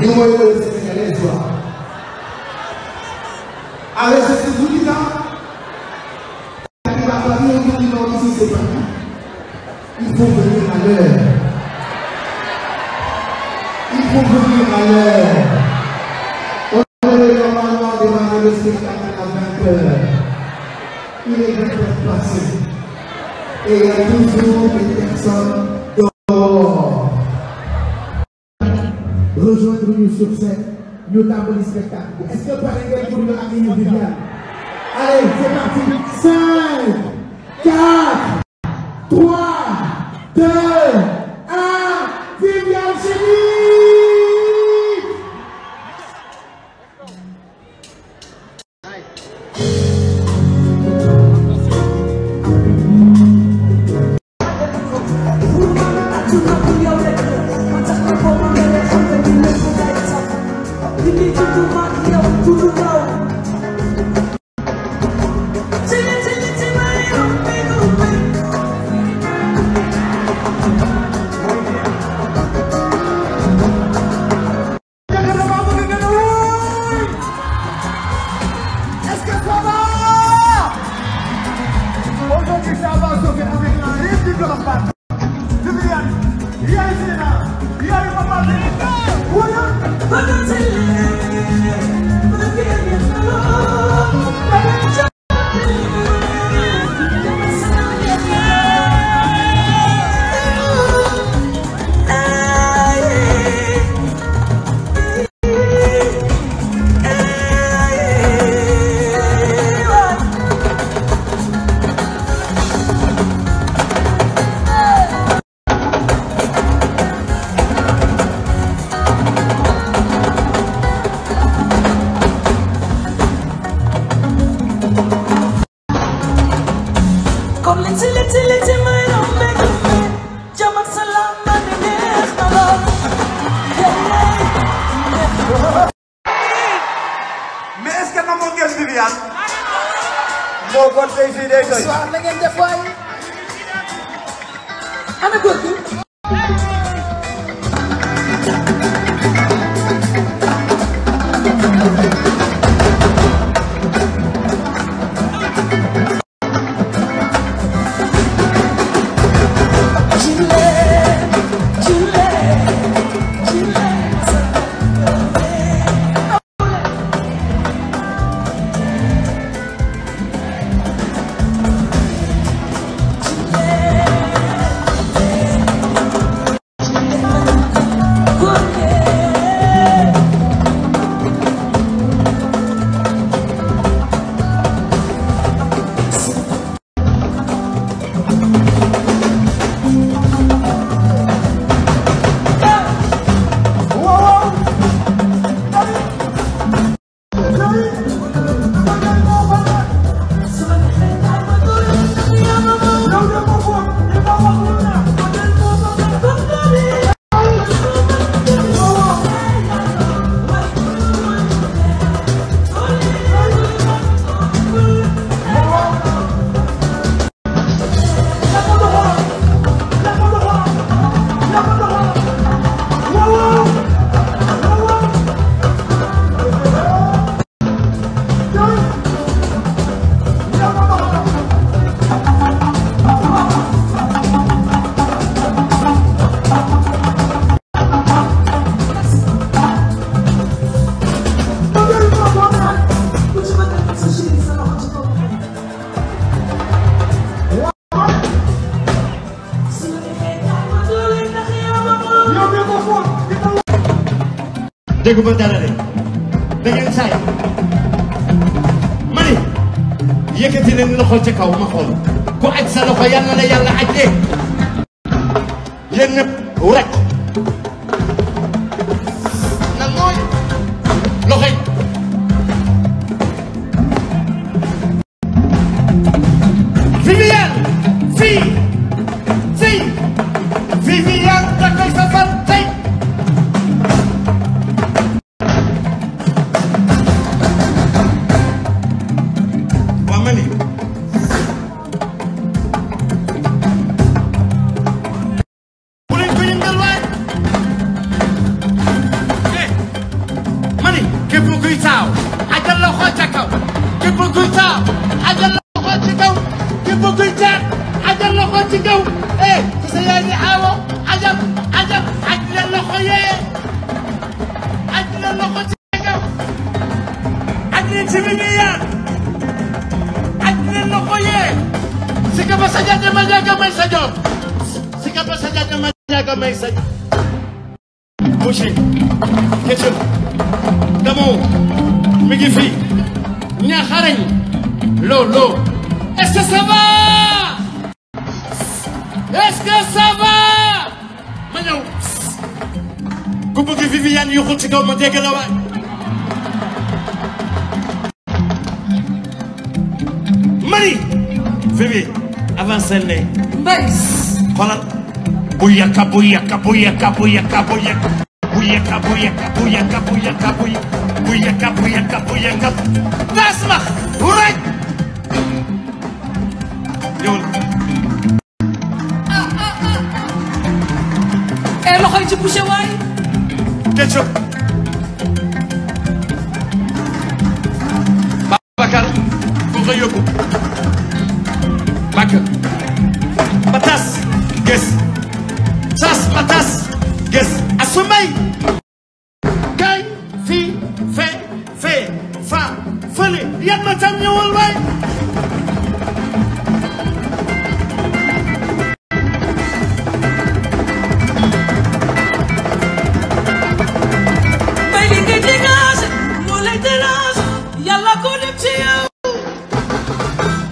numéro de Sénégalais soir. Avec ce que vous dites, la famille on dit non, ici c'est pas Il faut venir à l'heure. Il faut venir à l'heure. On devait normalement démarrer le spectacle à 20 h Il est 20 h passé. Et il y a toujours des personnes rejoindre nous sur scène nous spectacle est-ce que pouvez vous pour ami allez c'est parti 5, 4, 3, 2. day doy. soir na ngeen def waay ana góor gi dégg fa dara de da ngeen saay ma ni yëkkati leen loxo ca kaw ma xool ku aj sa loxo yàlla na yàlla aj de yéen ñëpp rek Lolo. Est-ce que ça va Est-ce que ça va ma ñëw ku Viviane yu xul ci kaw ma Vivi avancez le mbay xoolal Bouillaka bouillaka bouillaka bouillaka bouillaka Bouillaka bouillaka bouillaka bouillaka bouillaka Bouillaka bouillaka bu yàkka leen ci boucher waay. ketchup. Babacar. ku nga yóbbu. bakk. patas. gés. sas patas. gés. asumay. kay. fi. fe. fe. fa. fële. yan ma tam ñëwal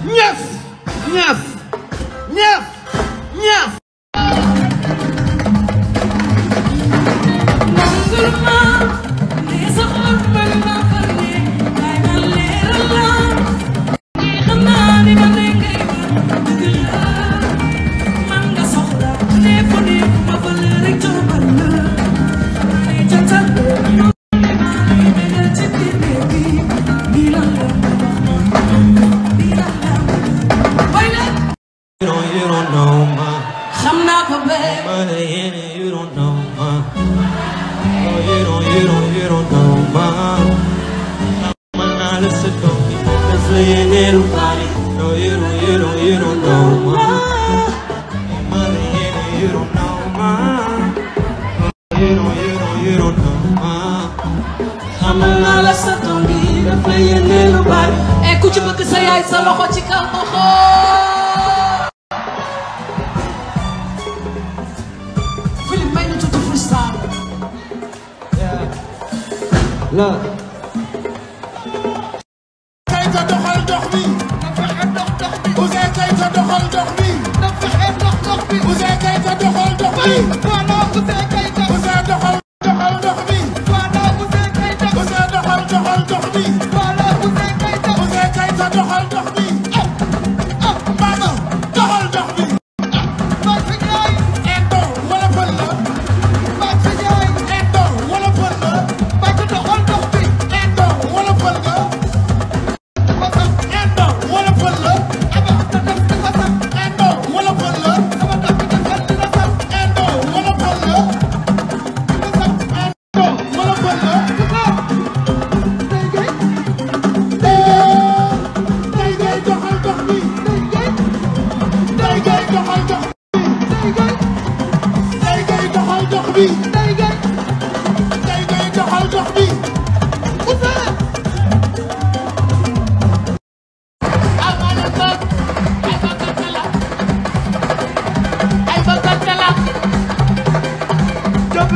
Yes! Yes! لا زيت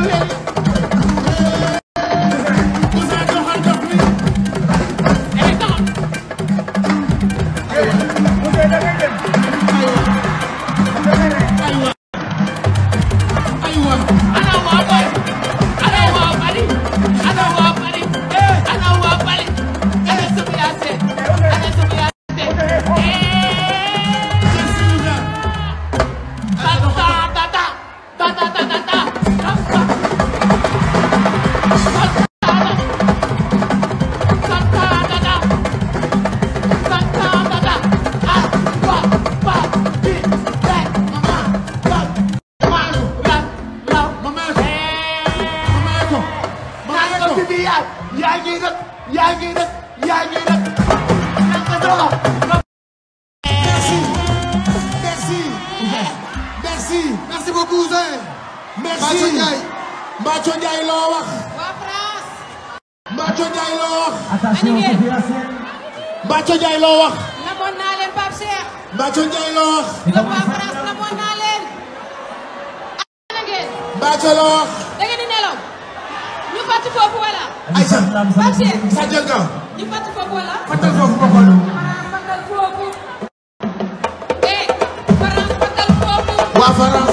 let milliard yaa ngi rëkk yaa ngi rëkk yaa ngi rëkk naka doxa merci merci merci merci beaucoup Ouzin merci Mbathio Ndiaye loo wax Mbathio Ndiaye loo wax Mbathio Ndiaye loo wax namoon naa leen Pape Cheikh Mbathio Ndiaye loo wax waa France namoon naa leen Mbathio loo wax fàtt foofu wala. ayca fàtte. fàttal ko. ñu fàtt foofu wala. fàttal foofu bokkul. faran fàttal foofu. eh faran fàttal foofu.